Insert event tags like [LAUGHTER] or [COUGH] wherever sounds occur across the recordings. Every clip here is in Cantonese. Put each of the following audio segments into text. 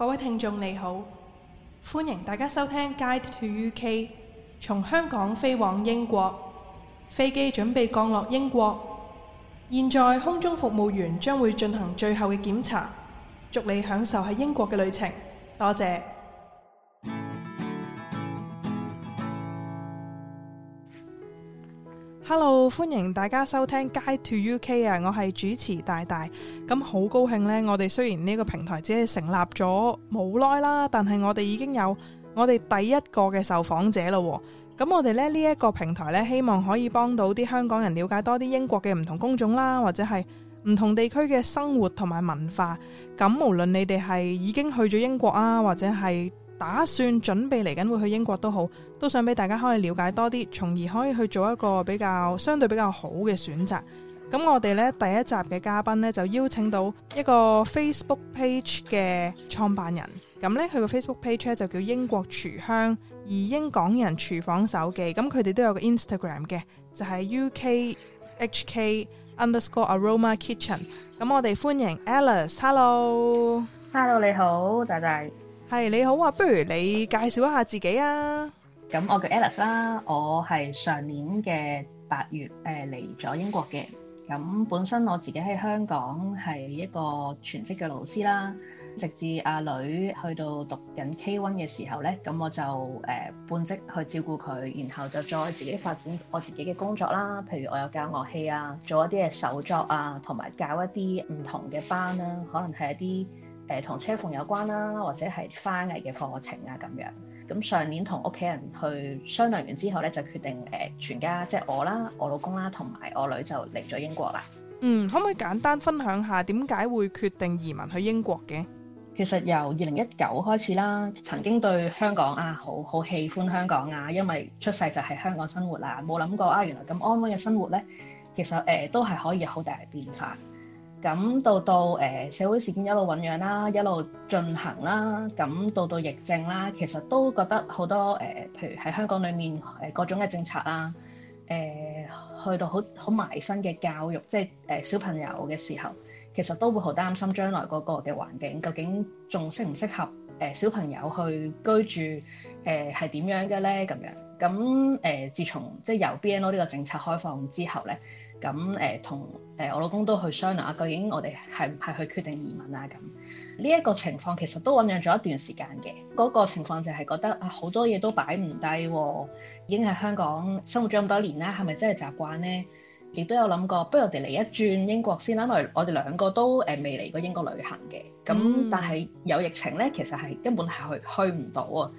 各位聽眾你好，歡迎大家收聽 Guide to UK，從香港飛往英國，飛機準備降落英國。現在空中服務員將會進行最後嘅檢查，祝你享受喺英國嘅旅程。多謝。Hello，歡迎大家收聽 Guide to UK 啊，我係主持大大。咁好高興呢。我哋雖然呢個平台只係成立咗冇耐啦，但係我哋已經有我哋第一個嘅受訪者啦。咁我哋咧呢一個平台呢，希望可以幫到啲香港人了解多啲英國嘅唔同工種啦，或者係唔同地區嘅生活同埋文化。咁無論你哋係已經去咗英國啊，或者係，打算準備嚟緊會去英國都好，都想俾大家可以了解多啲，從而可以去做一個比較相對比較好嘅選擇。咁我哋呢第一集嘅嘉賓呢，就邀請到一個 Facebook page 嘅創辦人。咁呢，佢個 Facebook page 呢，就叫英國廚香，移英港人廚房手記。咁佢哋都有個 Instagram 嘅，就係 UK HK underscore Aroma Kitchen。咁我哋歡迎 Elise，Hello。Hello，Hello 你好，大大。係你好啊，不如你介紹一下自己啊？咁我叫 Elise 啦，我係上年嘅八月誒嚟咗英國嘅。咁、呃、本身我自己喺香港係一個全職嘅老師啦，直至阿、啊、女去到讀緊 K1 嘅時候呢，咁我就誒半、呃、職去照顧佢，然後就再自己發展我自己嘅工作啦。譬如我有教樂器啊，做一啲嘅手作啊，同埋教一啲唔同嘅班啦、啊，可能係一啲。誒、呃，同車縫有關啦，或者係花藝嘅課程啊，咁樣。咁上年同屋企人去商量完之後咧，就決定誒、呃，全家即係我啦、我老公啦，同埋我女就嚟咗英國啦。嗯，可唔可以簡單分享下點解會決定移民去英國嘅？其實由二零一九開始啦，曾經對香港啊好好喜歡香港啊，因為出世就喺香港生活啊，冇諗過啊，原來咁安穩嘅生活咧，其實誒、呃、都係可以好大變化。咁到到誒社會事件一路醖釀啦，一路進行啦，咁到到疫症啦，其實都覺得好多誒，譬如喺香港裡面誒各種嘅政策啦，誒去到好好埋身嘅教育，即係誒小朋友嘅時候，其實都會好擔心將來嗰個嘅環境究竟仲適唔適合誒小朋友去居住誒係點樣嘅咧？咁樣咁誒，自從即係、就是、由 BNO 呢個政策開放之後咧。咁誒同誒我老公都去商量啊，究竟我哋係唔係去決定移民啊？咁呢一個情況其實都醞釀咗一段時間嘅。嗰、那個情況就係覺得啊，好多嘢都擺唔低，已經喺香港生活咗咁多年啦，啊，係咪真係習慣咧？亦都有諗過不如我哋嚟一轉英國先啦。因為，我哋兩個都誒未嚟過英國旅行嘅，咁、嗯、但係有疫情咧，其實係根本係去去唔到啊。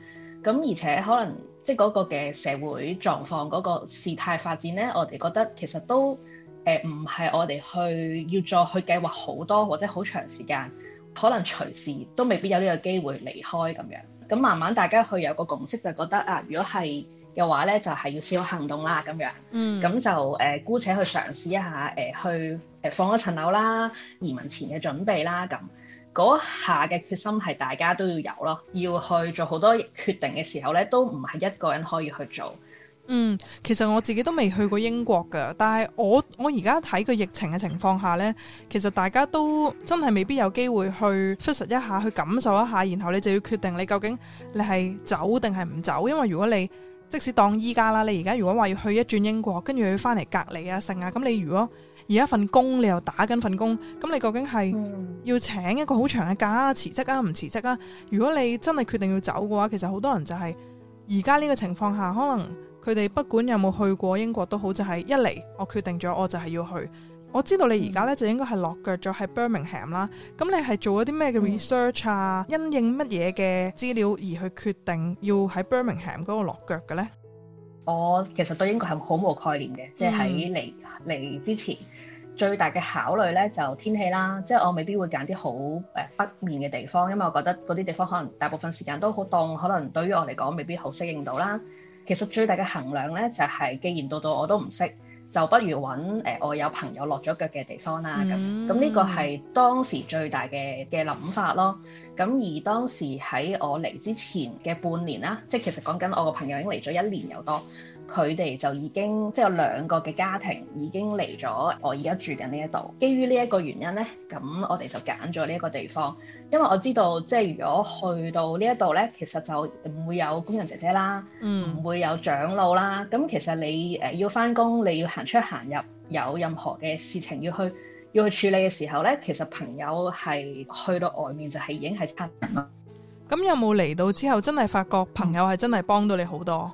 咁而且可能即係嗰個嘅社會狀況嗰個事態發展咧，我哋覺得其實都～誒唔係我哋去要再去計劃好多或者好長時間，可能隨時都未必有呢個機會離開咁樣。咁慢慢大家去有個共識，就覺得啊，如果係嘅話呢，就係、是、要少行動啦咁樣。嗯。咁就誒姑且去嘗試一下誒、呃、去誒、呃、放咗層樓啦，移民前嘅準備啦咁，嗰下嘅決心係大家都要有咯。要去做好多決定嘅時候呢，都唔係一個人可以去做。嗯，其實我自己都未去過英國嘅，但係我我而家喺個疫情嘅情況下呢，其實大家都真係未必有機會去 feel 一下，去感受一下，然後你就要決定你究竟你係走定係唔走。因為如果你即使當依家啦，你而家如果話要去一轉英國，跟住要翻嚟隔離啊、剩啊，咁你如果而家份工你又打緊份工，咁你究竟係要請一個好長嘅假啊、辭職啊、唔辭職啊？如果你真係決定要走嘅話，其實好多人就係而家呢個情況下，可能。佢哋不管有冇去過英國都好，就係、是、一嚟我決定咗，我就係要去。我知道你而家咧就應該係落腳咗喺 Birmingham 啦。咁你係做咗啲咩嘅 research 啊、嗯？因應乜嘢嘅資料而去決定要喺 Birmingham 嗰度落腳嘅咧？我其實對英國係好冇概念嘅，即係喺嚟嚟之前，最大嘅考慮咧就天氣啦。即、就、係、是、我未必會揀啲好誒北面嘅地方，因為我覺得嗰啲地方可能大部分時間都好凍，可能對於我嚟講未必好適應到啦。其實最大嘅衡量咧，就係既然到到我都唔識，就不如揾呃，我有朋友落咗腳嘅地方啦。咁咁呢個係當時最大嘅嘅諗法咯。咁而當時喺我嚟之前嘅半年啦，即係其實講緊我個朋友已經嚟咗一年有多。佢哋就已經即係兩個嘅家庭已經嚟咗，我而家住緊呢一度。基於呢一個原因呢，咁我哋就揀咗呢一個地方，因為我知道即係如果去到呢一度呢，其實就唔會有工人姐姐啦，嗯、唔會有長老啦。咁其實你誒要翻工，你要行出行入，有任何嘅事情要去要去處理嘅時候呢，其實朋友係去到外面就係已經係親人咯。咁有冇嚟到之後真係發覺朋友係真係幫到你好多？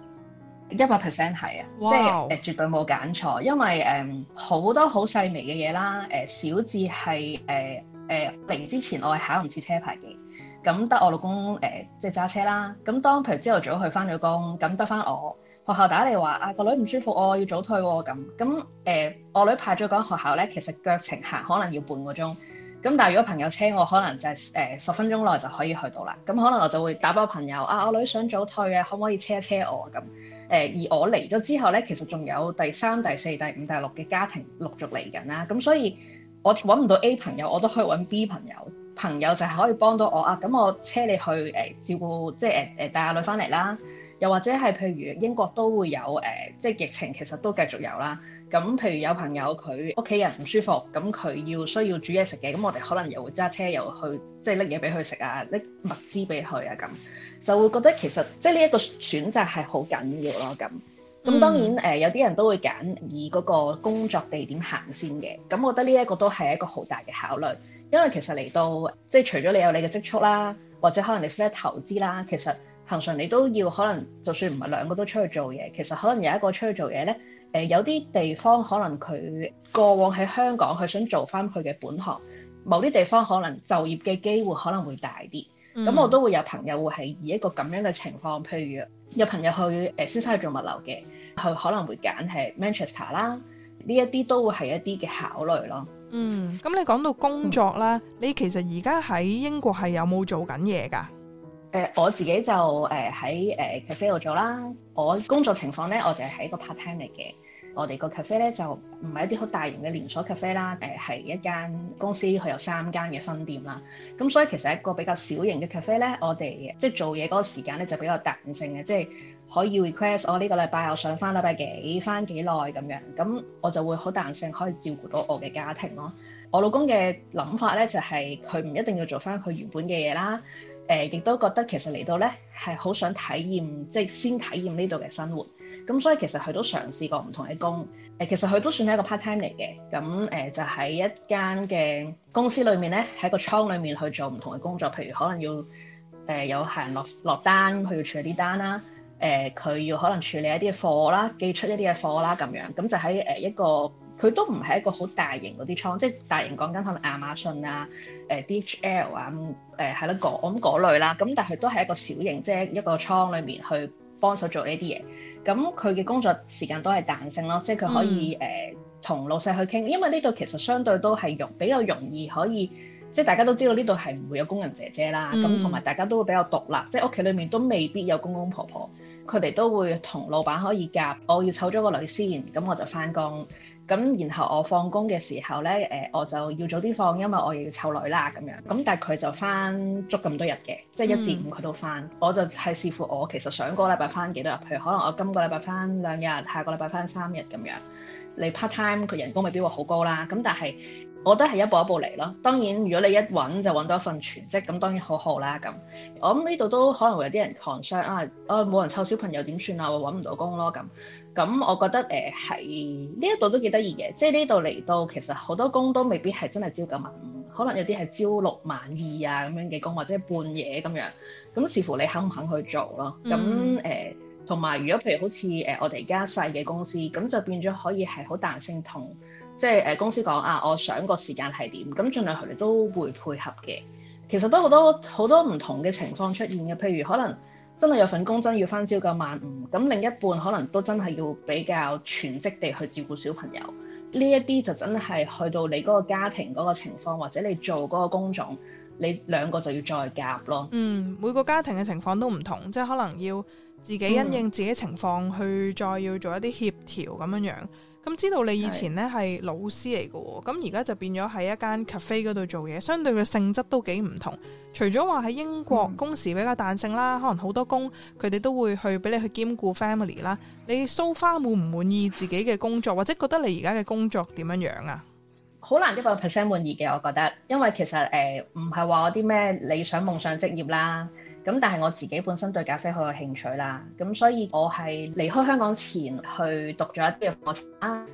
一百 percent 係啊，即係誒、呃、絕對冇揀錯，因為誒好、呃、多好細微嘅嘢啦。誒、呃、小至係誒誒嚟之前，我係考唔切車牌嘅，咁得我老公誒、呃、即係揸車啦。咁當譬如朝頭早去翻咗工，咁得翻我學校打嚟話啊個女唔舒服，我要早退喎，咁咁誒我女派咗嗰間學校咧，其實腳程行可能要半個鐘咁，但係如果朋友車我，可能就係誒十分鐘內就可以去到啦。咁可能我就會打俾我朋友啊，我女想早退嘅、啊，可唔可以車一車我咁？誒而我嚟咗之後呢，其實仲有第三、第四、第五、第六嘅家庭陸續嚟緊啦。咁所以我揾唔到 A 朋友，我都可以揾 B 朋友。朋友就係可以幫到我啊。咁我車你去誒照顧，即係誒誒帶阿女翻嚟啦。又或者係譬如英國都會有誒，即係疫情其實都繼續有啦。咁譬如有朋友佢屋企人唔舒服，咁佢要需要煮嘢食嘅，咁我哋可能又會揸車又去，即係拎嘢俾佢食啊，拎物資俾佢啊咁。就會覺得其實即係呢一個選擇係好緊要咯咁。咁當然誒、嗯呃、有啲人都會揀以嗰個工作地點行先嘅。咁我覺得呢一個都係一個好大嘅考慮，因為其實嚟到即係除咗你有你嘅積蓄啦，或者可能你識得投資啦，其實恆常你都要可能就算唔係兩個都出去做嘢，其實可能有一個出去做嘢咧。誒、呃、有啲地方可能佢過往喺香港，佢想做翻佢嘅本行。某啲地方可能就業嘅機會可能會大啲。咁、嗯、我都會有朋友會係以一個咁樣嘅情況，譬如有朋友去誒、呃、先生去做物流嘅，佢可能會揀係 Manchester 啦，呢一啲都會係一啲嘅考慮咯。嗯，咁你講到工作啦，嗯、你其實而家喺英國係有冇做緊嘢㗎？誒、呃，我自己就誒喺誒 Cafe 度做啦。我工作情況咧，我就係喺個 part time 嚟嘅。我哋個 cafe 咧就唔係一啲好大型嘅連鎖 cafe 啦，誒係一間公司佢有三間嘅分店啦，咁所以其實一個比較小型嘅 cafe 咧，我哋即係做嘢嗰個時間咧就比較彈性嘅，即係可以 request 我呢個禮拜我想翻禮拜幾翻幾耐咁樣，咁我就會好彈性可以照顧到我嘅家庭咯。我老公嘅諗法咧就係佢唔一定要做翻佢原本嘅嘢啦，誒亦都覺得其實嚟到咧係好想體驗，即係先體驗呢度嘅生活。咁所以其實佢都嘗試過唔同嘅工誒，其實佢都算係一個 part time 嚟嘅。咁誒、呃、就喺一間嘅公司裏面咧，喺個倉裏面去做唔同嘅工作，譬如可能要誒、呃、有客人落落單，佢要處理啲單啦。誒、呃、佢要可能處理一啲嘅貨啦，寄出一啲嘅貨啦，咁樣咁就喺誒一個佢都唔係一個好大型嗰啲倉，即係大型講緊可能亞馬遜啊、誒、呃、DHL 啊、誒係咯嗰咁嗰類啦。咁但係佢都係一個小型即係、就是、一個倉裏面去幫手做呢啲嘢。咁佢嘅工作時間都係彈性咯，即係佢可以同，嗯呃、老細去傾，因為呢度其實相對都係容比較容易可以。即係大家都知道呢度係唔會有工人姐姐啦，咁同埋大家都會比較獨立，即係屋企裏面都未必有公公婆婆，佢哋都會同老闆可以夾，我要湊咗個女先，咁我就返工。咁然後我放工嘅時候呢、呃，我就要早啲放，因為我要湊女啦咁樣。咁但係佢就翻足咁多日嘅，即係一至五佢都翻、嗯。我就係視乎我其實上個禮拜翻幾多日，譬如可能我今個禮拜翻兩日，下個禮拜翻三日咁樣。你 part time 佢人工未必話好高啦，咁但係。我覺得係一步一步嚟咯。當然，如果你一揾就揾到一份全職，咁當然好好啦。咁我諗呢度都可能會有啲人抗傷啊，啊冇人湊小朋友點算啊，我揾唔到工咯。咁咁我覺得誒係呢一度都幾得意嘅。即係呢度嚟到，其實好多工都未必係真係朝九晚五，可能有啲係朝六晚二啊咁樣嘅工，或者半夜咁樣。咁視乎你肯唔肯去做咯。咁誒同埋如果譬如好似誒、呃、我哋而家細嘅公司，咁就變咗可以係好彈性同。即係誒公司講啊，我想個時間係點，咁盡量佢哋都會配合嘅。其實都好多好多唔同嘅情況出現嘅，譬如可能真係有份工真要返朝九晚五，咁另一半可能都真係要比較全職地去照顧小朋友。呢一啲就真係去到你嗰個家庭嗰個情況，或者你做嗰個工種，你兩個就要再夾咯。嗯，每個家庭嘅情況都唔同，即係可能要自己因應自己嘅情況、嗯、去再要做一啲協調咁樣樣。咁知道你以前咧，係老師嚟嘅，咁而家就變咗喺一間 cafe 嗰度做嘢，相對嘅性質都幾唔同。除咗話喺英國、嗯、工時比較彈性啦，可能好多工佢哋都會去俾你去兼顧 family 啦。你 so far 滿唔滿意自己嘅工作，或者覺得你而家嘅工作點樣樣啊？好難一百 percent 滿意嘅，我覺得，因為其實誒唔係話我啲咩理想夢想職業啦。咁但係我自己本身對咖啡好有興趣啦，咁所以我係離開香港前去讀咗一啲嘅課程啊，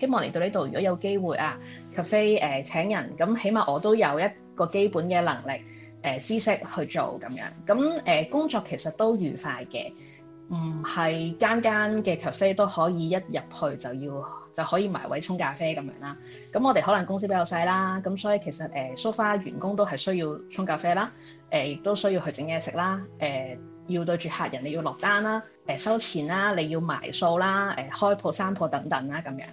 希望嚟到呢度如果有機會啊 cafe、呃、請人，咁起碼我都有一個基本嘅能力誒、呃、知識去做咁樣，咁誒、呃、工作其實都愉快嘅，唔係間間嘅 cafe 都可以一入去就要。就可以埋位沖咖啡咁樣啦，咁我哋可能公司比較細啦，咁所以其實誒，所、呃、有員工都係需要沖咖啡啦，亦、呃、都需要去整嘢食啦，要對住客人你要落單啦、呃，收錢啦，你要埋數啦，誒、呃、開鋪、生鋪等等啦咁樣。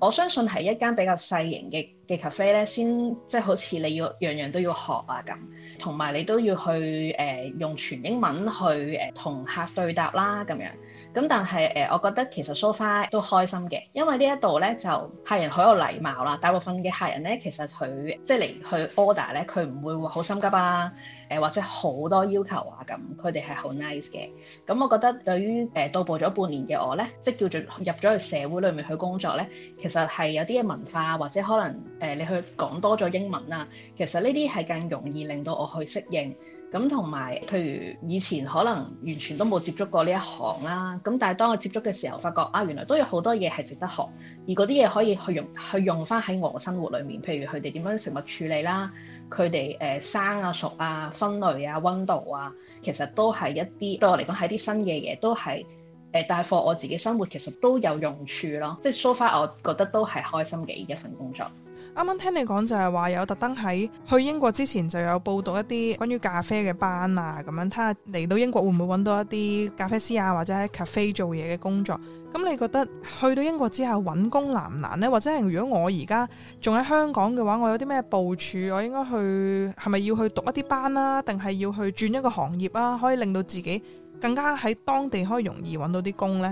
我相信係一間比較細型嘅嘅咖啡呢，咧，先即、就是、好似你要樣樣都要學啊咁，同埋你都要去、呃、用全英文去同、呃、客對答啦咁樣。咁、嗯、但係誒、呃，我覺得其實、so far 都開心嘅，因為這裡呢一度咧就客人好有禮貌啦，大部分嘅客人咧其實佢即係嚟去 order 咧，佢唔會好心急啊，誒、呃、或者好多要求啊咁，佢哋係好 nice 嘅。咁、嗯、我覺得對於誒、呃、到步咗半年嘅我咧，即係叫做入咗去社會裡面去工作咧，其實係有啲嘅文化或者可能誒、呃、你去講多咗英文啊，其實呢啲係更容易令到我去適應。咁同埋，譬如以前可能完全都冇接觸過呢一行啦，咁但係當我接觸嘅時候，我發覺啊，原來都有好多嘢係值得學，而嗰啲嘢可以去用去用翻喺我生活裏面，譬如佢哋點樣食物處理啦，佢哋誒生啊熟啊分類啊溫度啊，其實都係一啲對我嚟講係一啲新嘅嘢，都係誒、呃，但係我自己生活其實都有用處咯，即係 so far 我覺得都係開心嘅一份工作。啱啱聽你講就係話有特登喺去英國之前就有報讀一啲關於咖啡嘅班啊，咁樣睇下嚟到英國會唔會揾到一啲咖啡師啊，或者喺 cafe 做嘢嘅工作？咁你覺得去到英國之後揾工難唔難呢？或者係如果我而家仲喺香港嘅話，我有啲咩部署？我應該去係咪要去讀一啲班啦，啊？定係要去轉一個行業啊？可以令到自己更加喺當地可以容易揾到啲工呢？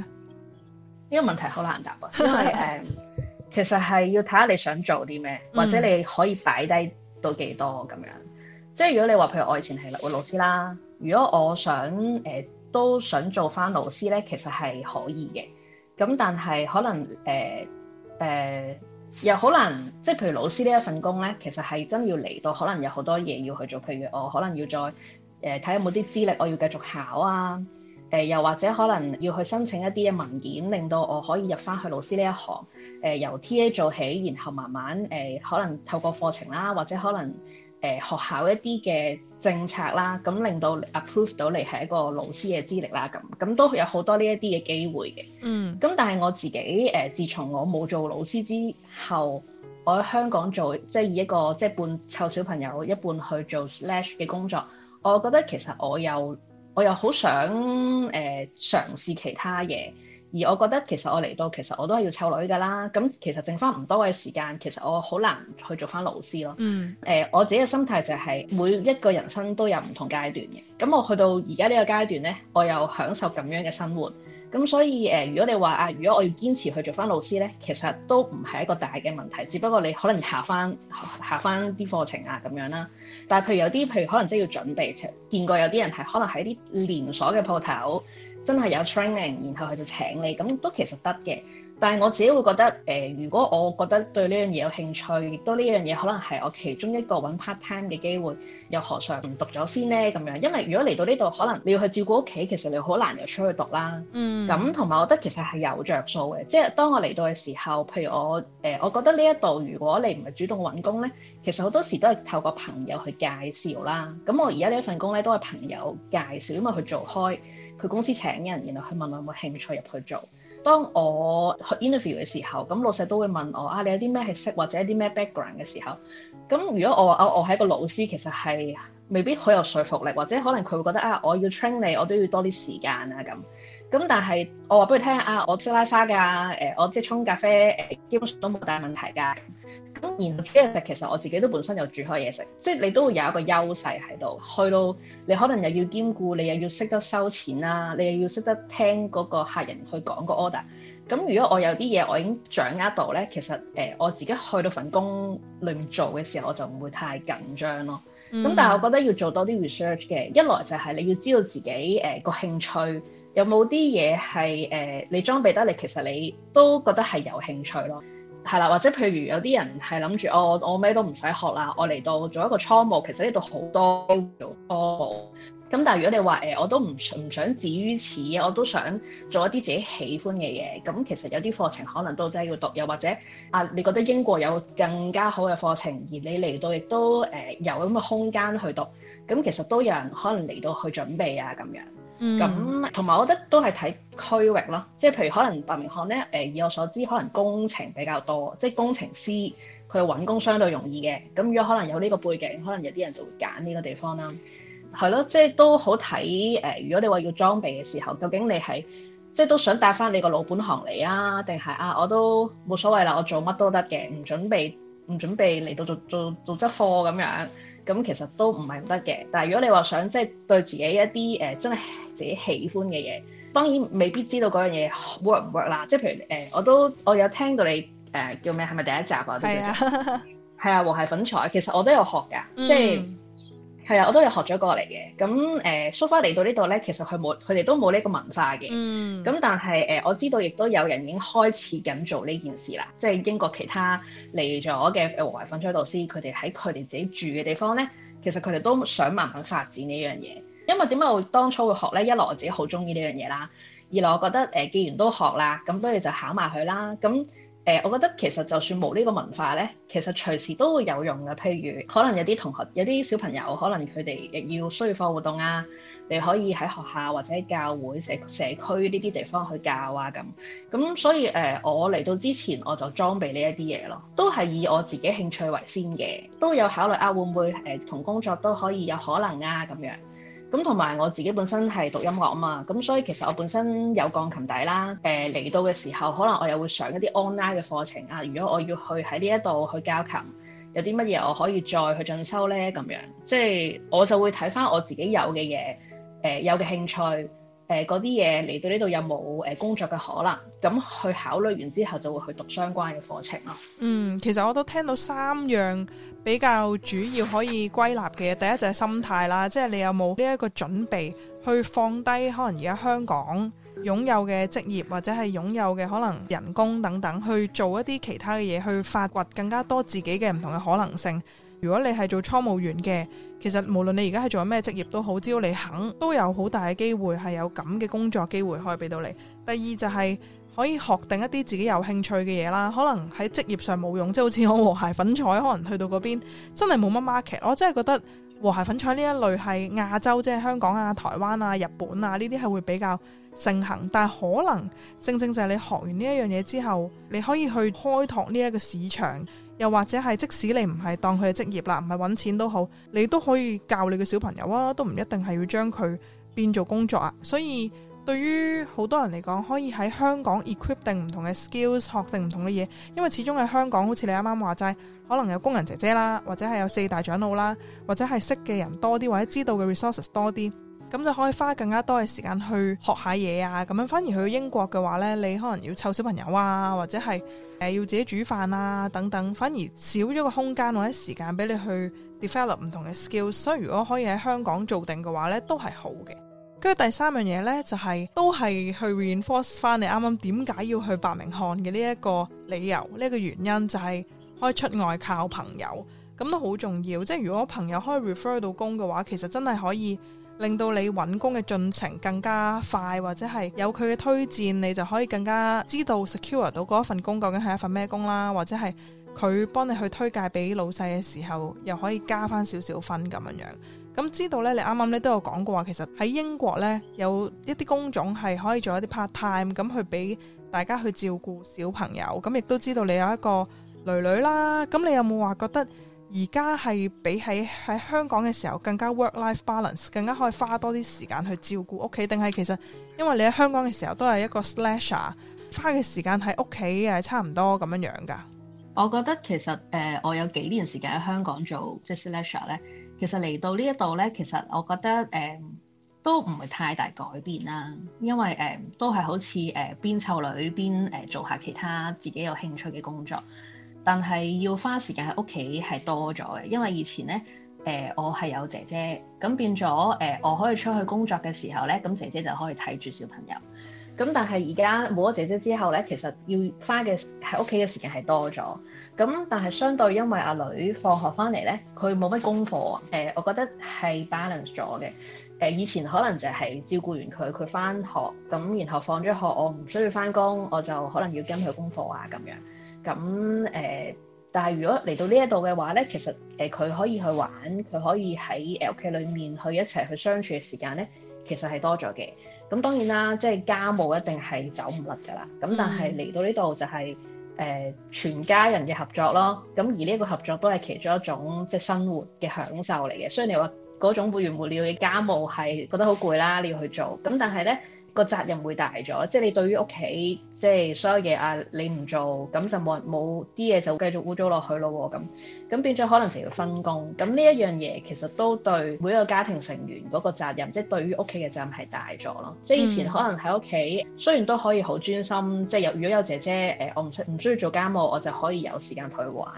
呢、呢個問題好難答啊，因為 [LAUGHS] 其實係要睇下你想做啲咩，或者你可以擺低到幾多咁樣。嗯、即係如果你話譬如我以前係律會老師啦，如果我想誒、呃、都想做翻老師咧，其實係可以嘅。咁但係可能誒誒，又、呃呃、可能即係譬如老師呢一份工咧，其實係真要嚟到，可能有好多嘢要去做。譬如我可能要再誒睇下、呃、有冇啲資歷，我要繼續考啊。呃、又或者可能要去申請一啲嘅文件，令到我可以入翻去老師呢一行、呃。由 TA 做起，然後慢慢、呃、可能透過課程啦，或者可能誒、呃、學校一啲嘅政策啦，咁令到 approve 到你係一個老師嘅資歷啦。咁咁都有好多呢一啲嘅機會嘅。嗯。咁但係我自己、呃、自從我冇做老師之後，我喺香港做即係以一個即係半湊小朋友，一半去做 slash 嘅工作。我覺得其實我有。我又好想誒、呃、嘗試其他嘢，而我覺得其實我嚟到其實我都係要湊女㗎啦，咁其實剩翻唔多嘅時間，其實我好難去做翻老師咯、嗯呃。我自己嘅心態就係每一個人生都有唔同階段嘅，咁我去到而家呢個階段呢，我又享受咁樣嘅生活。咁所以誒，如果你話啊，如果我要堅持去做翻老師咧，其實都唔係一個大嘅問題，只不過你可能下翻下翻啲課程啊咁樣啦。但係譬如有啲譬如可能真係要準備，見過有啲人係可能喺啲連鎖嘅鋪頭真係有 training，然後佢就請你，咁都其實得嘅。但係我自己會覺得，呃、如果我覺得對呢樣嘢有興趣，亦都呢樣嘢可能係我其中一個揾 part time 嘅機會，又何嘗唔讀咗先呢？咁樣，因為如果嚟到呢度，可能你要去照顧屋企，其實你好難又出去讀啦。嗯。咁同埋我覺得其實係有着數嘅，即係當我嚟到嘅時候，譬如我誒、呃，我覺得呢一度如果你唔係主動揾工呢，其實好多時都係透過朋友去介紹啦。咁我而家呢一份工呢，都係朋友介紹，因為佢做開佢公司請人，然後去問我有冇興趣入去做。當我去 interview 嘅時候，咁老細都會問我啊，你有啲咩係識或者啲咩 background 嘅時候，咁如果我我我係一個老師，其實係未必好有說服力，或者可能佢會覺得啊，我要 train 你，我都要多啲時間啊咁。咁但係我話俾你聽啊，我識拉花㗎，誒，我即係沖咖啡誒，基本上都冇大問題㗎。咁然之其實我自己都本身有煮開嘢食，即係你都會有一個優勢喺度。去到你可能又要兼顧，你又要識得收錢啦、啊，你又要識得聽嗰個客人去講個 order。咁如果我有啲嘢我已經掌握到咧，其實、呃、我自己去到份工裏面做嘅時候，我就唔會太緊張咯。咁、嗯、但係我覺得要做多啲 research 嘅，一來就係你要知道自己誒、呃、個興趣有冇啲嘢係誒你裝備得嚟，其實你都覺得係有興趣咯。係啦，或者譬如有啲人係諗住我我咩都唔使學啦，我嚟到做一個初務，其實嚟到好多都做初務。咁但係如果你話誒，我都唔唔想止於此，我都想做一啲自己喜歡嘅嘢。咁其實有啲課程可能都真係要讀，又或者啊，你覺得英國有更加好嘅課程，而你嚟到亦都誒、呃、有咁嘅空間去讀。咁其實都有人可能嚟到去準備啊，咁樣。咁同埋，我覺得都係睇區域咯。即係譬如可能白明漢咧，誒以我所知，可能工程比較多，即係工程師佢揾工相對容易嘅。咁如果可能有呢個背景，可能有啲人就會揀呢個地方啦。係咯，即係都好睇、呃、如果你話要裝備嘅時候，究竟你係即係都想帶翻你個老本行嚟啊？定係啊？我都冇所謂啦，我做乜都得嘅，唔準備唔準備嚟到做做做，做執貨咁樣。咁其實都唔係唔得嘅，但係如果你話想即係對自己一啲誒、呃、真係自己喜歡嘅嘢，當然未必知道嗰樣嘢 work 唔 work 啦。即係譬如誒、呃，我都我有聽到你誒、呃、叫咩係咪第一集 [LAUGHS] 係啊？啲啊，係啊，和諧粉彩，其實我都有學㗎、嗯，即係。係啊，我都有學咗過嚟嘅。咁誒，所以話嚟到這裡呢度咧，其實佢冇佢哋都冇呢一個文化嘅。咁、嗯、但係誒、呃，我知道亦都有人已經開始緊做呢件事啦。即、就、係、是、英國其他嚟咗嘅華裔芳療導師，佢哋喺佢哋自己住嘅地方咧，其實佢哋都想慢慢發展呢樣嘢。因為點解我當初會學咧？一來我自己好鍾意呢樣嘢啦，二來我覺得誒、呃，既然都學啦，咁不如就考埋佢啦。咁呃、我覺得其實就算冇呢個文化呢，其實隨時都會有用㗎。譬如可能有啲同學、有啲小朋友，可能佢哋亦要需要課活動啊，你可以喺學校或者教會社社區呢啲地方去教啊咁。咁所以、呃、我嚟到之前我就裝備呢一啲嘢咯，都係以我自己興趣為先嘅，都有考慮啊會唔會、呃、同工作都可以有可能啊咁樣。咁同埋我自己本身係讀音樂啊嘛，咁所以其實我本身有鋼琴底啦，呃，嚟到嘅時候，可能我又會上一啲 online 嘅課程啊。如果我要去喺呢一度去教琴，有啲乜嘢我可以再去進修呢？咁樣即係我就會睇翻我自己有嘅嘢、呃，有嘅興趣。誒，嗰啲嘢嚟到呢度有冇誒工作嘅可能？咁去考慮完之後就會去讀相關嘅課程咯。嗯，其實我都聽到三樣比較主要可以歸納嘅嘢，第一就係心態啦，即係你有冇呢一個準備去放低可能而家香港擁有嘅職業或者係擁有嘅可能人工等等，去做一啲其他嘅嘢，去發掘更加多自己嘅唔同嘅可能性。如果你係做倉務員嘅，其實無論你而家係做咩職業都好，只要你肯，都有好大嘅機會係有咁嘅工作機會可以俾到你。第二就係、是、可以學定一啲自己有興趣嘅嘢啦。可能喺職業上冇用，即係好似我和諧粉彩，可能去到嗰邊真係冇乜 market。我真係覺得和諧粉彩呢一類係亞洲，即係香港啊、台灣啊、日本啊呢啲係會比較盛行。但係可能正正就係你學完呢一樣嘢之後，你可以去開拓呢一個市場。又或者係，即使你唔係當佢嘅職業啦，唔係搵錢都好，你都可以教你嘅小朋友啊，都唔一定係要將佢變做工作啊。所以對於好多人嚟講，可以喺香港 equip 定唔同嘅 skills，學定唔同嘅嘢，因為始終喺香港，好似你啱啱話齋，可能有工人姐姐啦，或者係有四大長老啦，或者係識嘅人多啲，或者知道嘅 resources 多啲。咁就可以花更加多嘅時間去學下嘢啊，咁樣反而去英國嘅話呢，你可能要湊小朋友啊，或者係誒要自己煮飯啊等等，反而少咗個空間或者時間俾你去 develop 唔同嘅 skills。所以如果可以喺香港做定嘅話呢，都係好嘅。跟住第三樣嘢呢，就係都係去 reinforce 翻你啱啱點解要去白明漢嘅呢一個理由，呢個原因，就係可以出外靠朋友咁都好重要。即係如果朋友可以 refer 到工嘅話，其實真係可以。令到你揾工嘅進程更加快，或者係有佢嘅推薦，你就可以更加知道 secure 到嗰一份工究竟係一份咩工啦，或者係佢幫你去推介俾老細嘅時候，又可以加翻少少分咁樣樣。咁知道呢，你啱啱咧都有講過話，其實喺英國呢，有一啲工種係可以做一啲 part time，咁去俾大家去照顧小朋友，咁亦都知道你有一個女女啦。咁你有冇話覺得？而家係比起喺香港嘅時候更加 work-life balance，更加可以花多啲時間去照顧屋企，定係其實因為你喺香港嘅時候都係一個 slasher，花嘅時間喺屋企誒差唔多咁樣樣噶？我覺得其實誒、呃、我有幾年時間喺香港做即係 slasher 咧，其實嚟到呢一度咧，其實我覺得誒、呃、都唔會太大改變啦，因為誒、呃、都係好似誒邊湊女，邊誒、呃、做下其他自己有興趣嘅工作。但係要花時間喺屋企係多咗嘅，因為以前咧，誒、呃、我係有姐姐，咁變咗誒、呃、我可以出去工作嘅時候咧，咁姐姐就可以睇住小朋友。咁但係而家冇咗姐姐之後咧，其實要花嘅喺屋企嘅時間係多咗。咁但係相對因為阿女放學翻嚟咧，佢冇乜功課，誒、呃、我覺得係 balance 咗嘅。誒、呃、以前可能就係照顧完佢，佢翻學，咁然後放咗學，我唔需要翻工，我就可能要跟佢功課啊咁樣。咁誒、呃，但係如果嚟到呢一度嘅話咧，其實誒佢、呃、可以去玩，佢可以喺誒屋企裏面去一齊去相處嘅時間咧，其實係多咗嘅。咁當然啦，即、就、係、是、家務一定係走唔甩噶啦。咁、嗯、但係嚟到呢度就係、是、誒、呃、全家人嘅合作咯。咁而呢個合作都係其中一種即係生活嘅享受嚟嘅。雖然你話嗰種寶寶無緣無了嘅家務係覺得好攰啦，你要去做。咁但係咧。個責任會大咗，即係你對於屋企即係所有嘢啊，你唔做，咁就冇，冇啲嘢就繼續污糟落去咯。咁，咁變咗可能成日分工，咁呢一樣嘢其實都對每一個家庭成員嗰個責任，即係對於屋企嘅責任係大咗咯。即係以前可能喺屋企雖然都可以好專心，即係有如果有姐姐誒，我唔識唔需要做家務，我就可以有時間陪佢玩，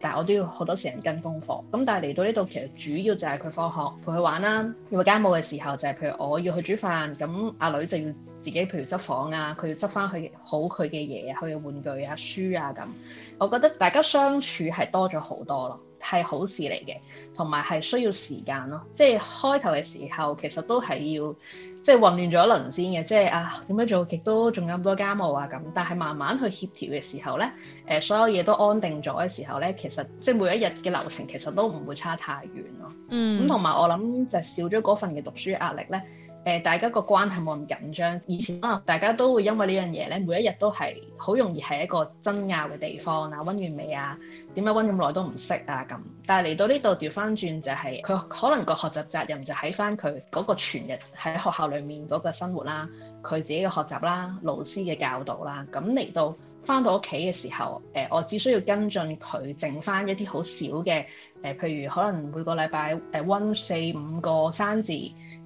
但係我都要好多時間跟功課。咁但係嚟到呢度其實主要就係佢放學陪佢玩啦，要家務嘅時候就係、是、譬如我要去煮飯，咁阿女要自己譬如執房啊，佢要執翻佢好佢嘅嘢，啊，佢嘅玩具啊、書啊咁。我覺得大家相處係多咗好多咯，係好事嚟嘅，同埋係需要時間咯。即係開頭嘅時候，其實都係要即係混亂咗一輪先嘅。即係啊，點、啊、樣做極都仲有咁多家務啊咁。但係慢慢去協調嘅時候咧，誒、呃，所有嘢都安定咗嘅時候咧，其實即係每一日嘅流程，其實都唔會差太遠咯。嗯，咁同埋我諗就少咗嗰份嘅讀書壓力咧。誒，大家個關係冇咁緊張。以前可能大家都會因為呢樣嘢咧，每一日都係好容易係一個爭拗嘅地方啊，温完未啊？點解温咁耐都唔識啊？咁，但係嚟到呢度調翻轉就係、是、佢可能個學習責任就喺翻佢嗰個全日喺學校裏面嗰個生活啦，佢自己嘅學習啦，老師嘅教導啦，咁嚟到翻到屋企嘅時候，誒，我只需要跟進佢剩翻一啲好少嘅誒，譬如可能每個禮拜誒温四五個生字。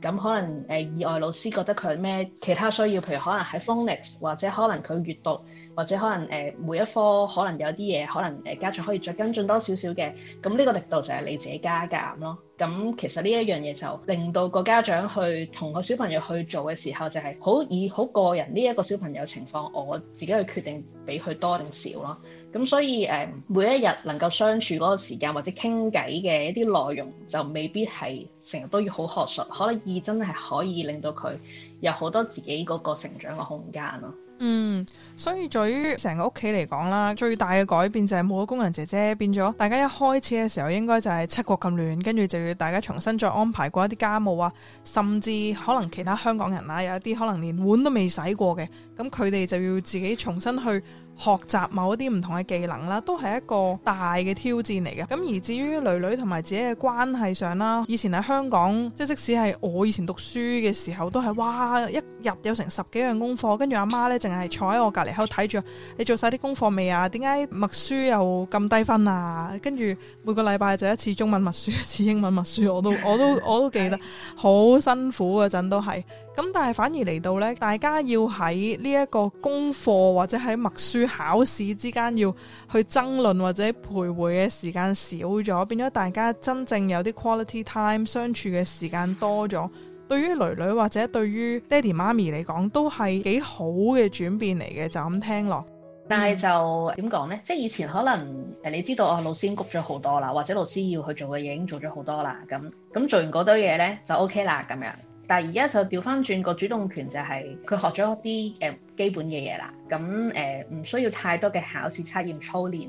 咁可能意外老師覺得佢咩其他需要，譬如可能喺 Phonics，或者可能佢閱讀，或者可能每一科可能有啲嘢，可能家長可以再跟進多少少嘅。咁呢個力度就係你自己加減咯。咁其實呢一樣嘢就令到個家長去同個小朋友去做嘅時候，就係好以好個人呢一個小朋友情況，我自己去決定俾佢多定少咯。咁所以誒，每一日能夠相處嗰個時間或者傾偈嘅一啲內容，就未必係成日都要好學術，可能二真係可以令到佢有好多自己嗰個成長嘅空間咯。嗯，所以對於成個屋企嚟講啦，最大嘅改變就係冇咗工人姐姐，變咗大家一開始嘅時候應該就係七國咁亂，跟住就要大家重新再安排過一啲家務啊，甚至可能其他香港人啦，有一啲可能連碗都未洗過嘅，咁佢哋就要自己重新去。學習某一啲唔同嘅技能啦，都係一個大嘅挑戰嚟嘅。咁而至於女女同埋自己嘅關係上啦，以前喺香港，即即使係我以前讀書嘅時候，都係哇一日有成十幾樣功課，跟住阿媽呢，淨係坐喺我隔離喺度睇住你做晒啲功課未啊？點解默書又咁低分啊？跟住每個禮拜就一次中文默書，一次英文默書，我都我都我都記得好 [LAUGHS] 辛苦嗰陣都係。咁但係反而嚟到呢，大家要喺呢一個功課或者喺默書考試之間，要去爭論或者徘徊嘅時間少咗，變咗大家真正有啲 quality time 相處嘅時間多咗。對於囡囡或者對於爹哋媽咪嚟講，都係幾好嘅轉變嚟嘅。就咁聽咯、嗯，但係就點講呢？即係以前可能你知道啊，老師谷咗好多啦，或者老師要去做嘅嘢，已經做咗好多啦。咁咁做完嗰堆嘢呢，就 OK 啦，咁樣。但而家就調翻轉個主動權就，就係佢學咗啲基本嘅嘢啦。咁、呃、唔需要太多嘅考試測驗操練。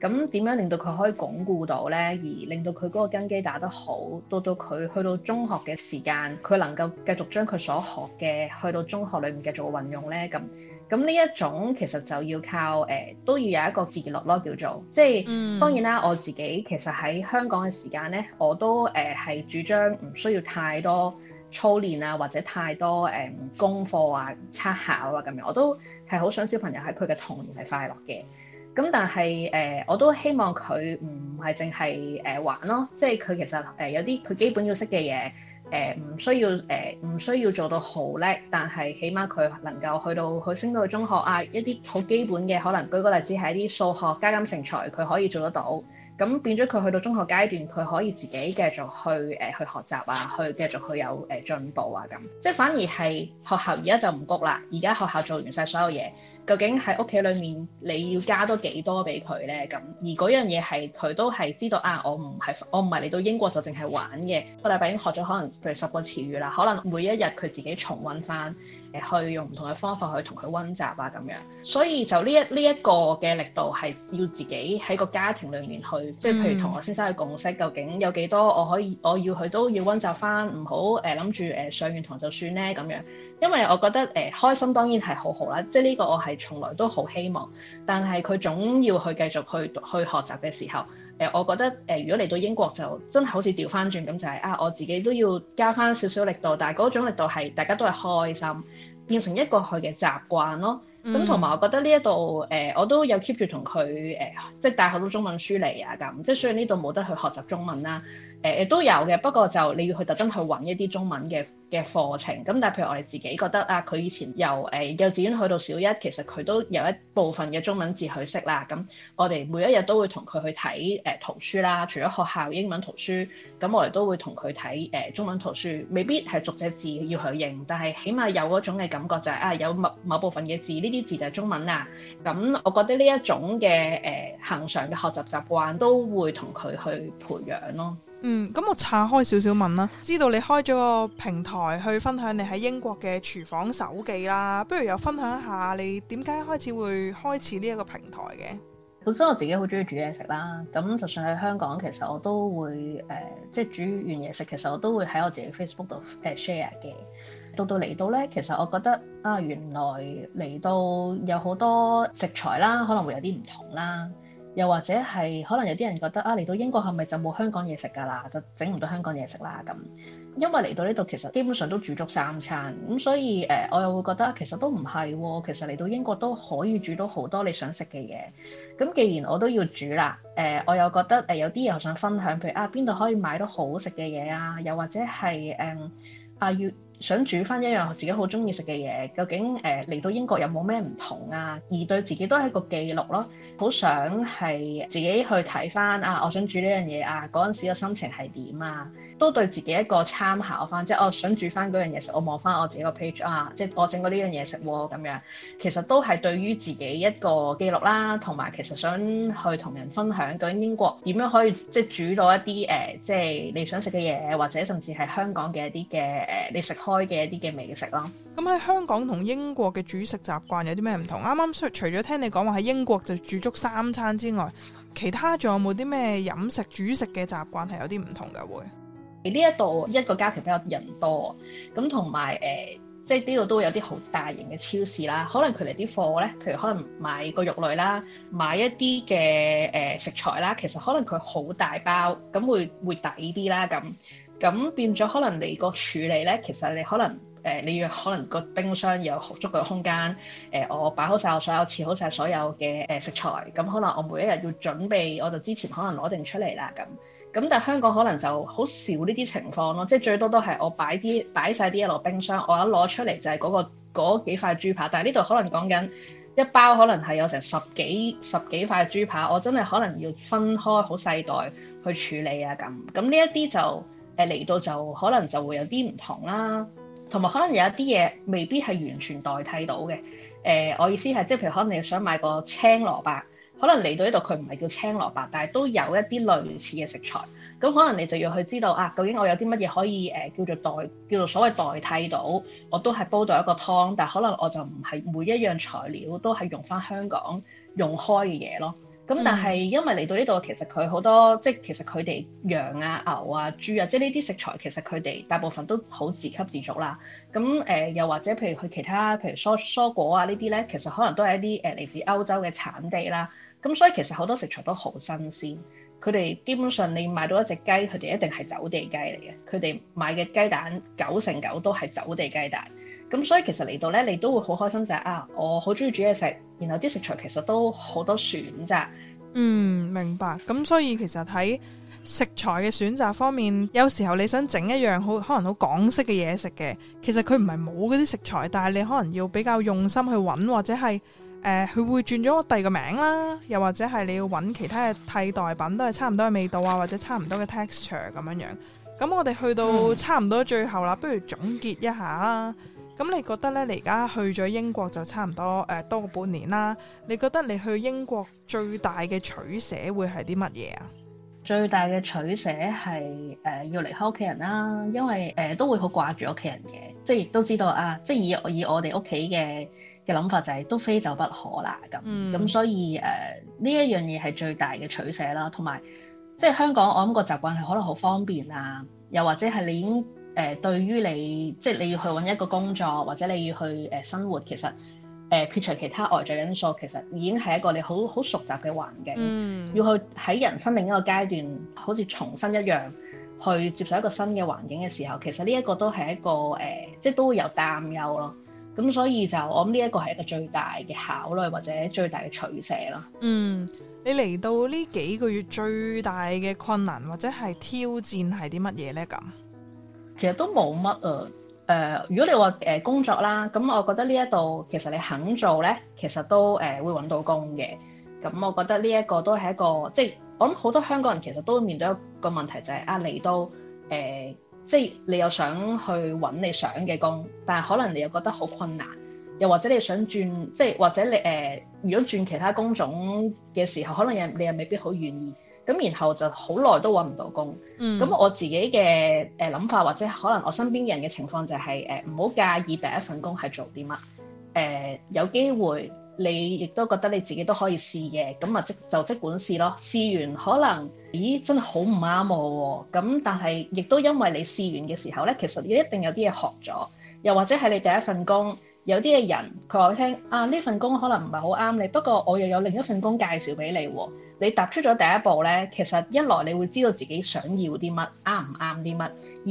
咁點樣令到佢可以鞏固到呢？而令到佢嗰個根基打得好，到到佢去到中學嘅時間，佢能夠繼續將佢所學嘅去到中學裏面繼續運用呢？咁咁呢一種其實就要靠、呃、都要有一個自律咯，叫做即係、就是嗯、當然啦、啊。我自己其實喺香港嘅時間呢，我都係、呃、主張唔需要太多。操練啊，或者太多誒、嗯、功課啊、測考啊咁樣，我都係好想小朋友喺佢嘅童年係快樂嘅。咁但係誒、呃，我都希望佢唔係淨係誒玩咯，即係佢其實誒、呃、有啲佢基本要識嘅嘢誒，唔、呃、需要誒唔、呃、需要做到好叻，但係起碼佢能夠去到佢升到中學啊，一啲好基本嘅，可能舉個例子係一啲數學加減乘除，佢可以做得到。咁變咗佢去到中學階段，佢可以自己繼續去誒、呃、去學習啊，去繼續去有、呃、進步啊，咁即反而係學校而家就唔谷啦。而家學校做完晒所有嘢，究竟喺屋企裏面你要加多幾多俾佢咧？咁而嗰樣嘢係佢都係知道啊，我唔係我唔係嚟到英國就淨係玩嘅。個禮拜已經學咗可能譬如十個詞語啦，可能每一日佢自己重溫翻。誒，去用唔同嘅方法去同佢温習啊，咁樣，所以就呢一呢一個嘅力度係要自己喺個家庭裏面去，即、嗯、係譬如同我先生去共識，究竟有幾多我可以我要佢都要温習返，唔好誒諗住誒上完堂就算咧，咁樣，因為我覺得誒、呃、開心當然係好好啦，即係呢個我係從來都好希望，但係佢總要去繼續去去學習嘅時候。呃、我覺得誒、呃，如果嚟到英國就真係好似調翻轉咁，就係、是、啊，我自己都要加翻少少力度，但係嗰種力度係大家都係開心，變成一個佢嘅習慣咯。咁同埋我覺得呢一度誒，我都有 keep 住同佢誒，即、呃、係帶好多中文書嚟啊，咁即係所以呢度冇得去學習中文啦。誒，都有嘅，不過就你要去特登去揾一啲中文嘅嘅課程咁。但係譬如我哋自己覺得啊，佢以前由誒幼稚園去到小一，其實佢都有一部分嘅中文字去識啦。咁我哋每一日都會同佢去睇誒圖書啦，除咗學校英文圖書，咁我哋都會同佢睇誒中文圖書。未必係逐隻字要去認，但係起碼有嗰種嘅感覺就係啊，有某某部分嘅字，呢啲字就係中文啦。咁我覺得呢一種嘅誒恆常嘅學習習慣都會同佢去培養咯。嗯，咁我拆開少少問啦，知道你開咗個平台去分享你喺英國嘅廚房手記啦，不如又分享一下你點解開始會開始呢一個平台嘅？本身我自己好中意煮嘢食啦，咁就算喺香港，其實我都會誒、呃，即係煮完嘢食，其實我都會喺我自己的 Facebook 度 share 嘅。到到嚟到呢，其實我覺得啊，原來嚟到有好多食材啦，可能會有啲唔同啦。又或者係可能有啲人覺得啊，嚟到英國係咪就冇香港嘢食㗎啦，就整唔到香港嘢食啦咁。因為嚟到呢度其實基本上都煮足三餐，咁所以、呃、我又會覺得其實都唔係喎。其實嚟到英國都可以煮到好多你想食嘅嘢。咁既然我都要煮啦、呃，我又覺得誒、呃、有啲嘢我想分享，譬如啊，邊度可以買到好食嘅嘢啊，又或者係誒啊要。嗯想煮翻一樣自己好中意食嘅嘢，究竟誒嚟、呃、到英國有冇咩唔同啊？而對自己都係一個記錄咯，好想係自己去睇翻啊！我想煮呢樣嘢啊，嗰陣時嘅心情係點啊？都對自己一個參考翻，即係我、哦、想煮翻嗰樣嘢食，我望翻我自己個 page 啊，即係我整過呢樣嘢食喎咁樣，其實都係對於自己一個記錄啦，同埋其實想去同人分享，究竟英國點樣可以即係煮到一啲誒、呃，即係你想食嘅嘢，或者甚至係香港嘅一啲嘅誒，你食開嘅一啲嘅美食咯。咁喺香港同英國嘅煮食習慣有啲咩唔同？啱啱除除咗聽你講話喺英國就煮足三餐之外，其他仲有冇啲咩飲食煮食嘅習慣係有啲唔同嘅會？呢一度一個家庭比較人多，咁同埋誒，即係呢度都有啲好大型嘅超市啦。可能佢哋啲貨咧，譬如可能買個肉類啦，買一啲嘅誒食材啦，其實可能佢好大包，咁會會抵啲啦咁。咁變咗可能你個處理咧，其實你可能誒、呃、你要可能個冰箱有足嘅空間誒、呃，我擺好晒我所有，切好晒所有嘅誒食材，咁可能我每一日要準備，我就之前可能攞定出嚟啦咁。咁但係香港可能就好少呢啲情況咯，即係最多都係我擺啲擺晒啲一落冰箱，我一攞出嚟就係嗰、嗰個嗰幾塊豬扒。但係呢度可能講緊一包可能係有成十幾十幾塊豬扒，我真係可能要分開好細袋去處理啊咁。咁呢一啲就～誒嚟到就可能就會有啲唔同啦，同埋可能有一啲嘢未必係完全代替到嘅。呃，我意思係即係譬如可能你想買個青蘿蔔，可能嚟到呢度佢唔係叫青蘿蔔，但係都有一啲類似嘅食材。咁可能你就要去知道啊，究竟我有啲乜嘢可以，呃，叫做代叫做所謂代替到，我都係煲到一個湯，但係可能我就唔係每一樣材料都係用翻香港用開嘅嘢咯。咁、嗯、但係因為嚟到呢度，其實佢好多即係其實佢哋，羊啊、牛啊、豬啊，即係呢啲食材其實佢哋大部分都好自給自足啦。咁誒、呃，又或者譬如佢其他譬如蔬蔬果啊這些呢啲咧，其實可能都係一啲誒嚟自歐洲嘅產地啦。咁所以其實好多食材都好新鮮。佢哋基本上你買到一隻雞，佢哋一定係走地雞嚟嘅。佢哋買嘅雞蛋九成九都係走地雞蛋。咁所以其實嚟到呢，你都會好開心就係啊！我好中意煮嘢食，然後啲食材其實都好多選擇。嗯，明白。咁所以其實喺食材嘅選擇方面，有時候你想整一樣好可能好港式嘅嘢食嘅，其實佢唔係冇嗰啲食材，但係你可能要比較用心去揾，或者係誒佢會轉咗第二個名啦，又或者係你要揾其他嘅替代品，都係差唔多嘅味道啊，或者差唔多嘅 texture 咁樣樣。咁我哋去到差唔多最後啦、嗯，不如總結一下啦。咁你覺得咧？你而家去咗英國就差唔多誒、呃，多半年啦。你覺得你去英國最大嘅取捨會係啲乜嘢啊？最大嘅取捨係誒要離開屋企人啦，啊，因為誒、呃、都會好掛住屋企人嘅，即係亦都知道啊，即係以以我哋屋企嘅嘅諗法就係都非走不可了，嗯、呃、啦。咁咁所以誒呢一樣嘢係最大嘅取捨啦，同埋即係香港我諗個習慣係可能好方便啊，又或者係你已經。誒，對於你即係你要去揾一個工作，或者你要去誒生活，其實誒撇除其他外在因素，其實已經係一個你好好熟習嘅環境。嗯，要去喺人生另一個階段，好似重新一樣去接受一個新嘅環境嘅時候，其實呢一個都係一個誒，即係都會有擔憂咯。咁所以就我諗呢一個係一個最大嘅考慮或者最大嘅取捨咯。嗯，你嚟到呢幾個月最大嘅困難或者係挑戰係啲乜嘢呢？咁？其實都冇乜啊，誒，如果你話誒工作啦，咁我覺得呢一度其實你肯做呢，其實都誒會揾到工嘅。咁我覺得呢一個都係一個，即係我諗好多香港人其實都面對一個問題就係啊嚟到誒，即係你又想去揾你想嘅工，但係可能你又覺得好困難，又或者你想轉，即係或者你誒，如果轉其他工種嘅時候，可能又你、你又未必好願意。咁然後就好耐都揾唔到工。咁、嗯、我自己嘅誒諗法，或者可能我身邊嘅人嘅情況就係誒唔好介意第一份工係做啲乜。誒、呃、有機會你亦都覺得你自己都可以試嘅，咁啊即就即管試咯。試完可能咦真係好唔啱我喎。咁但係亦都因為你試完嘅時候呢，其實你一定有啲嘢學咗，又或者係你第一份工。有啲嘅人佢話你聽啊，呢份工可能唔係好啱你，不過我又有另一份工介紹俾你喎。你踏出咗第一步呢，其實一來你會知道自己想要啲乜，啱唔啱啲乜，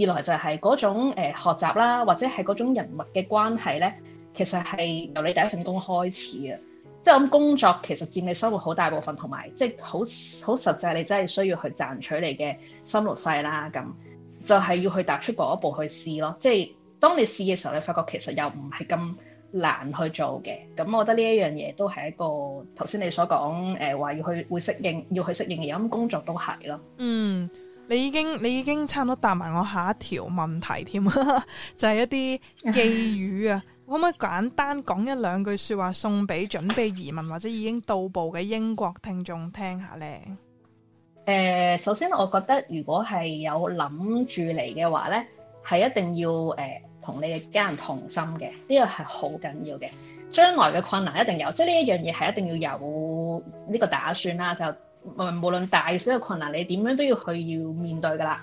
二來就係嗰種誒、呃、學習啦，或者係嗰種人物嘅關係呢，其實係由你第一份工開始嘅。即係咁，工作其實佔你生活好大部分，同埋即係好好實際，你真係需要去賺取你嘅生活費啦。咁就係要去踏出嗰一步去試咯，即係。當你試嘅時候，你發覺其實又唔係咁難去做嘅。咁我覺得呢一樣嘢都係一個頭先你所講，誒、呃、話要去會適應，要去適應嘅。咁工作都係咯。嗯，你已經你已經差唔多答埋我下一條問題添， [LAUGHS] 就係一啲寄語啊。 [LAUGHS] 可唔可以簡單講一兩句説話送俾準備移民或者已經到步嘅英國聽眾聽下呢？誒、呃，首先我覺得如果係有諗住嚟嘅話呢，係一定要誒、呃同你嘅家人同心嘅，呢個係好緊要嘅。將來嘅困難一定有，即係呢一樣嘢係一定要有呢個打算啦。就無論大小嘅困難，你點樣都要去要面對噶啦。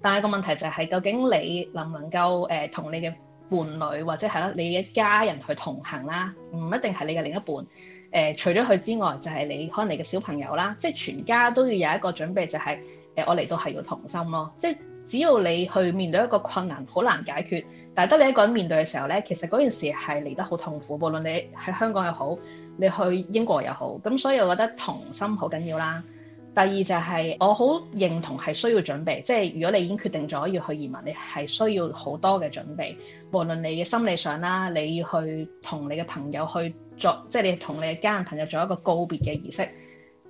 但係個問題就係、係、究竟你能唔能夠同、呃、你嘅伴侶或者係啦，你嘅家人去同行啦，唔一定係你嘅另一半、呃。除咗佢之外，就係、係、你可能你嘅小朋友啦，即係全家都要有一個準備、就係，就、呃、係我嚟到係要同心咯，即只要你去面對一個困難，好難解決，但係得你一個人面對嘅時候咧，其實嗰件事係嚟得好痛苦。無論你喺香港又好，你去英國又好，咁所以我覺得同心好緊要啦。第二就係我好認同係需要準備，即係如果你已經決定咗要去移民，你係需要好多嘅準備，無論你嘅心理上啦，你去同你嘅朋友去做，即係你同你嘅家人朋友做一個告別嘅儀式。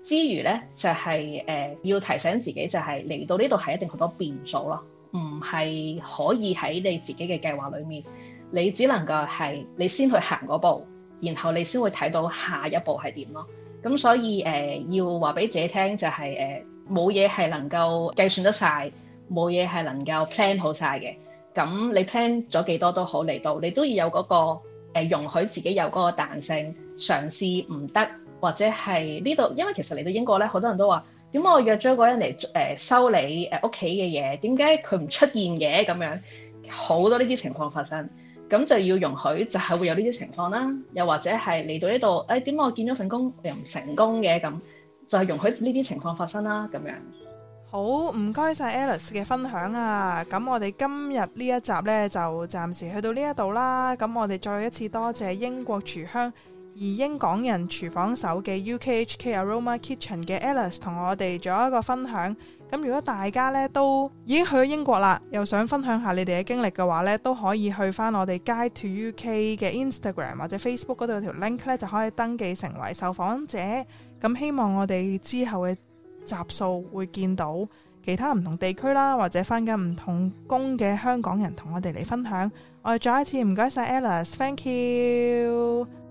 之餘呢，就係、係呃、要提醒自己、就係，就係嚟到呢度係一定好多變數咯，唔係可以喺你自己嘅計劃裏面，你只能夠係你先去行嗰步，然後你先會睇到下一步係點咯。咁所以、呃、要話俾自己聽就係冇嘢係能夠計算得晒，冇嘢係能夠 plan 好晒嘅。咁你 plan 咗幾多都好嚟到，你都要有嗰、嗰個、呃、容許自己有嗰個彈性，嘗試唔得。或者係呢度，因為其實嚟到英國咧，好多人都話點解我約咗一個人嚟誒修你誒屋企嘅嘢，點解佢唔出現嘅咁樣？好多呢啲情況發生，咁就要容許就係會有呢啲情況啦。又或者係嚟到呢度，誒點解我見咗份工又唔成功嘅咁，就係容許呢啲情況發生啦咁樣。好，唔該晒 Elise 嘅分享啊！咁我哋今日呢一集呢，就暫時去到呢一度啦。咁我哋再一次多謝英國廚香。而英港人廚房手記 U.K.H.K.Aroma Kitchen 嘅 Alice 同我哋做一個分享。咁如果大家呢都已經去了英國啦，又想分享一下你哋嘅經歷嘅話呢，都可以去翻我哋 Guide to U.K. 嘅 Instagram 或者 Facebook 嗰度條 link 呢，就可以登記成為受訪者。咁希望我哋之後嘅集數會見到其他唔同地區啦，或者翻緊唔同工嘅香港人同我哋嚟分享。我再一次唔該晒，Alice，Thank you。